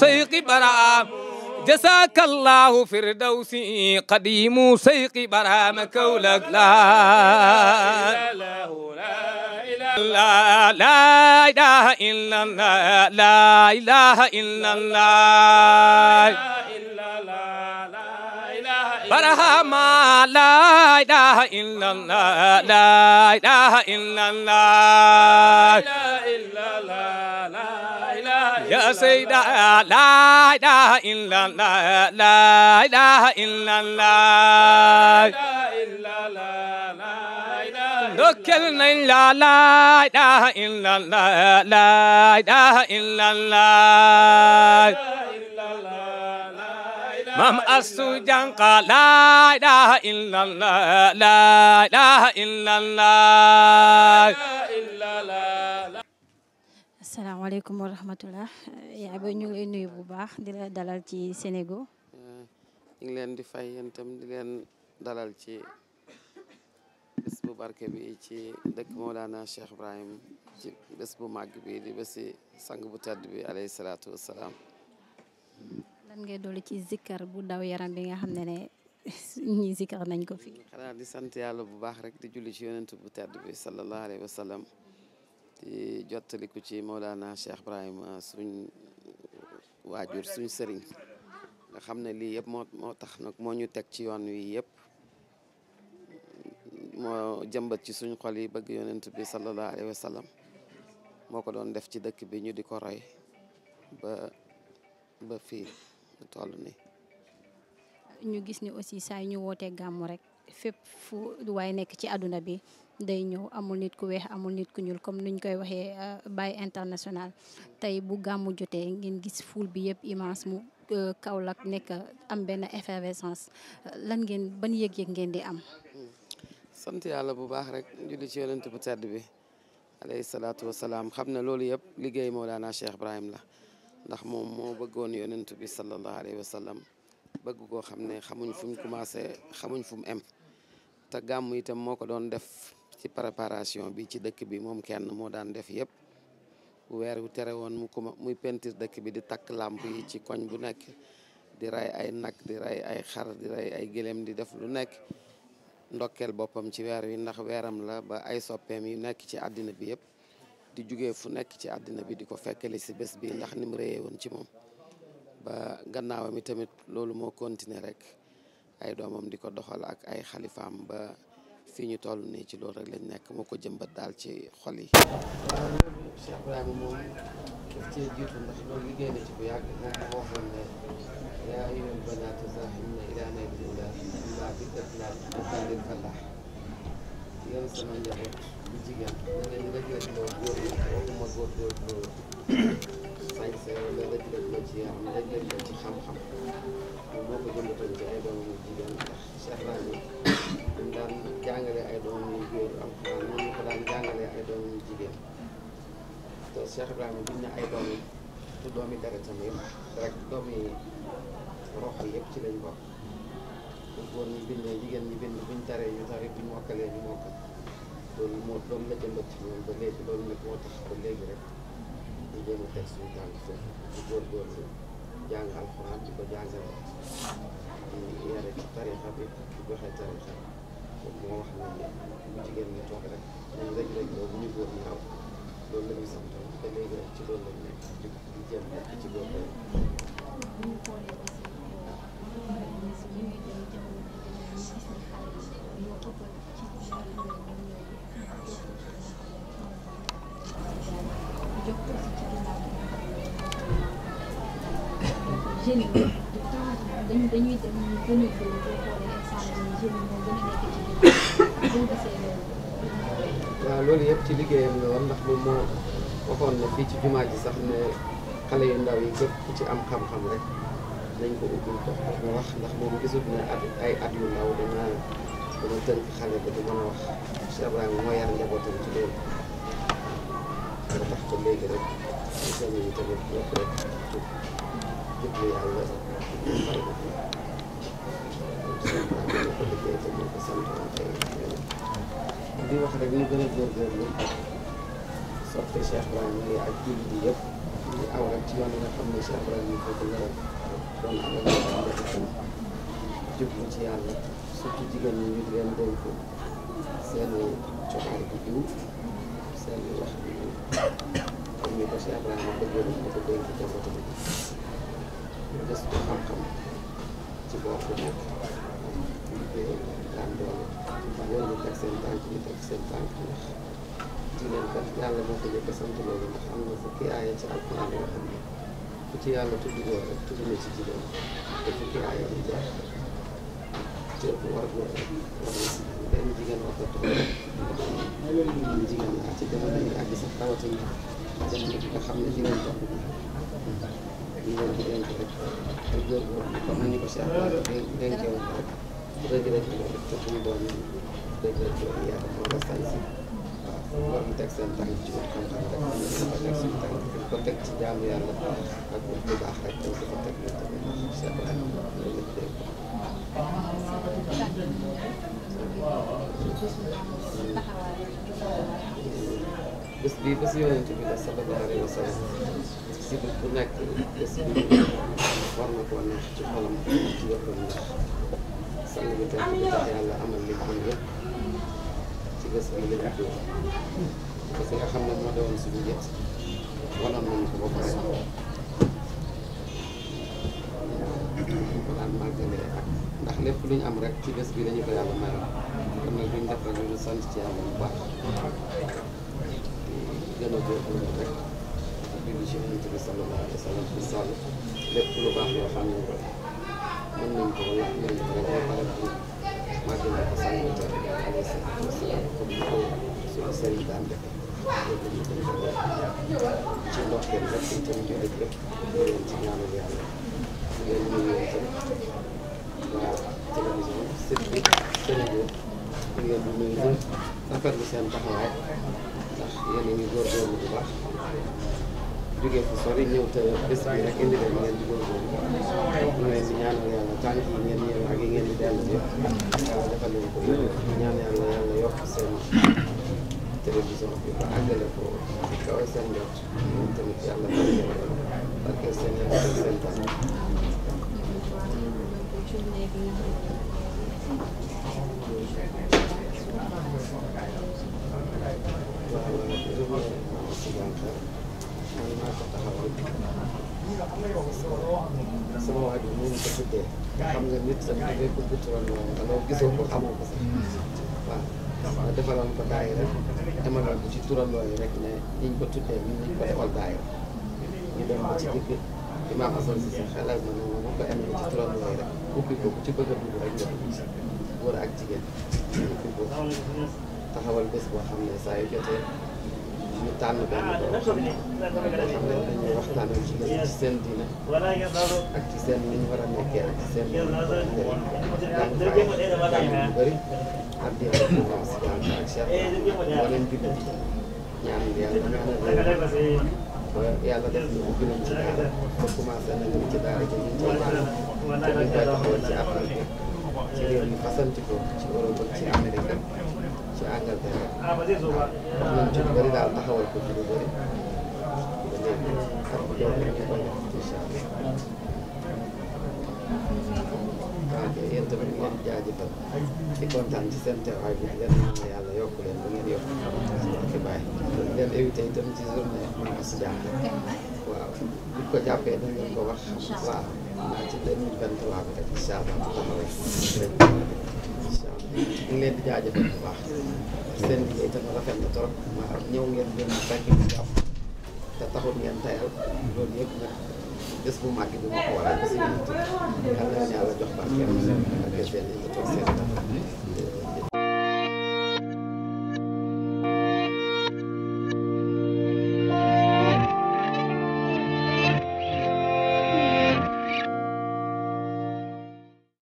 سيق برام جزاك الله فردوسي قديم سيق برام كولك لا لا لا إله إلا الله لا إله إلا الله برهما لا إله إلا الله لا إله إلا الله سيدا لا إله إلا الله لا إله إلا الله ذكرنا إلا لا إله إلا الله لا إله إلا الله مام أسجان قال لا إله إلا الله لا إله إلا الله salaamaaleykum wa rahmatulah yaay ba ñu lay nuyu bu baax di la dalal ci Sénégo. ñu leen di fay yéen itam di leen dalal ci bés bu barke bi ci dëkk Mawlana Cheikh Ibrahim ci bés bu màgg bi di bési sang bu tedd bi alayhi salaatu wa salaam. lan ngay dolli ci zikkar bu daw yaram bi nga xam ne ne ñi zikkar nañ ko fi. xanaa di sant yàlla bu baax rek di julli ci yonent bu tedd bi sallallahu alayhi wa di jottaliku ci Mawlana Cheikh Ibrahima suñ waajur suñ sëriñ nga xam ne lii yëpp moo tax nag moo ñu teg ci yoon wi yëpp moo jëmbat ci suñ xol yi bëgg yonent bi sallallahu alayhi wa moo ko doon def ci dëkk bi ñu di ko roy ba ba fii toll ni ñu gis ni aussi saa ñu wootee gàmmu rek fépp fu waaye nekk ci àdduna bi day ñëw amul nit ku weex amul nit ku ñuul comme nuñ koy waxee euh, bay international tey bu gàmmu jotee ngeen gis foule bi yëpp immense mu euh, Kaolack nekk am benn effervescence lan ngeen ban yëg-yëg ngeen di am. sant yàlla bu baax rek julli ci yonent bu tedd bi alayhi salaatu wasalaam xam ne loolu yëpp liggéey Mawlana Cheikh Ibrahim la ndax moom moo bëggoon yonent bi sallallahu alayhi wa bëgg koo xam ne xamuñ fu mu commencé xamuñ fu mu em te gàmm itam moo ko doon def ci préparation bi ci dëkk bi moom kenn moo daan def yëpp weer wu tere woon muy pentir dëkk bi di takk làmp yi ci koñ bu nekk di ray ay nag di ray ay xar di ray ay gëléem di def lu nekk ndokkeel boppam ci weer wi ndax weeram la ba ay soppeem yu nekk ci àddina bi yëpp di jugee fu nekk ci àddina bi di ko fekkali si bés bi ndax ni mu réyee woon ci moom ba gannaawam tamit loolu moo continuer rek ay doomam di ko doxal ak ay xalifaam ba fii ñu toll nii ci loolu rek lañ nekk moo ko jëmbat daal ci xol yi. yàgg teg na ci yaram teg na ci xam-xam ay doomam yu jigéen ndax yu góor alxuraan moom ay doomam yu jigéen yi te doom yi dara tam yëpp rek doom yi rox ci lañ bokk bu góor ñi bindee jigéen ñi bind buñ taree ñu tari buñ mokkalee ñu mokkal loolu moo doom la jëmbat ci moom ba léegi loolu nag moo tax ba léegi rek jéem a teg suñu jàng foofu di góorgóorlu jàng alxuraan di ko jàngale yare ci bi di joxe tarixa bi moo wax ne bu jigéen ñi toog rek dañ rek rek boobu ñu góor ñaaw loolu la ñu ci loolu lañ ci jeunes yi de loolu. waaw yëpp ci liggéeyam la war ndax moom moo waxoon na fii ci jumaa ji sax ne xale yu ndaw yi képp ku ci am xam-xam rek dañ ko ubbil ko mu wax moom gisul ne at ay at yu ndaw dana dana tënk xale ba du mën a wax Cheikh Ibrahima moo yar njabootam ci loolu moo tax ko léegi rek di wax rek ñu gën a góorgóorlu soppe Cheikh Ibrahima yi ak jullit yi yëpp di aw ci yoon nga xam ne Cheikh Ibrahima yi foofu la doon amal jublu ci yàlla surtout jigéen ñi ñu di leen dénk seen coxaar bu jiw seen wax bu jiw comme ni ko Cheikh Ibrahima bëggoon na ko dénk jamono bi gëstu xam-xam ci boor bu nekk jigéen kat yàlla moo ko njëkk a sant loolu ndax am xam ne jigéen ko toog jigéen ñi ci jamono yi àgg sax rawatina jamono bi nga xam ne jigéen toog ñu leen ko dénk rek te góor boobu comme ni ñu ko Cheikh Bara dénkee woon rek rëgg rëgg loolu te suñu doom yi rëgg rëgg loolu yàlla moo la sañ si waaw war ñu teg seen tànk ci wut xam-xam rek am na ko teg suñu tànk ko teg ci jaamu yàlla ak wut bu baax rek dañ ko teg ñu tamit Cheikh Bara loolu lañ dénk bés bi bés yonent bi la sallallahu alayhi wa sallam sibit bu nekk bés bi war na koo neex ci xolam ci yëppam ndax sang bi amal li am yëpp ci bés bi lañ ko parce que nga xam ne moo doon nañu ndax lépp lu am rek ci bés bi lañu ko yàlla mayal kon lu sant ci yàlla bu baax di gën a rek julli ci yonent bi sallallahu alayhi wa sallam pour sàmm lépp lu baax yoo xam ne mën nañ ko wala mën nañ ko wala pare bu màgg na ko sàmm te alayhi salaatu wa salaam comme ni ko suñu sëriñ daan def loolu ñu koy def ci ndoxteel rek ci tam jullit rek ñu leen ci ñaanal yàlla ñu leen nuyu yéen tam waa télévision sëriñ sëriñ ñu leen di nuyu ñëpp rafetlu seen taxawaay ndax yéen a ngi góorgóorlu bu baax jógee fa sori ñëw te bés bi rek indi leen ngeen di góorgóorlu ñu leen di ñaanal yàlla tànk yi ngeen ñëw ak yi ngeen di dellu yëpp yàlla defal leen ko ñaan yàlla yàlla yokk seen télévision bi ba àggale ko ci kaw seen jot moom tamit yàlla barkeel seen yàlla seen tànk Thank you. man maa ko taxawal sama nit sax dafay ko guttural ko xamoo ko waaw ma defaloon ko daay rek demalal ko a bés boo xam ne saa yu jotee ñu tànn benn borom xam ah, ne dañuy waxtaan ak ci seen diine ak ci seen ni war a nekkee ak ci seen njëriñ bëri ak eh, di am si ak Cheikh wala ñu bind ñaan yàlla ñaanal yàlla def ñu gën ci daara ba commencé nañu ci daara ji ñu koy baax te ñu koy taxawal ci Afrique ci réew yi fasantikoo ci Europe ci Amérique Angleterre ñun ci bëri daal taxawal ko ci lu bëri ba léegi am doom ñu koy def incha allah waaw kay yéen tamit ñu ngi jaajëfal di kontaan ci seen teewaay bi yokku leen ñaanal yàlla yokk leen ba ngeen yokk ci bàyyi di leen éviter itam ci journée menace jaaxle waaw ko jàppee da ngeen ko wax waaw naa ci 2023 bi rek incha allah bu taxawee incha allah ñu ngi leen di jaajëfal bu baax seen liggéey itam rafet na trop maanaam ñëw ngeen gën a fekk ñu jàpp te bés bu màgg bi ma ko waral ñu tudd yàlla yàlla jox barkeel ak seen i toog seen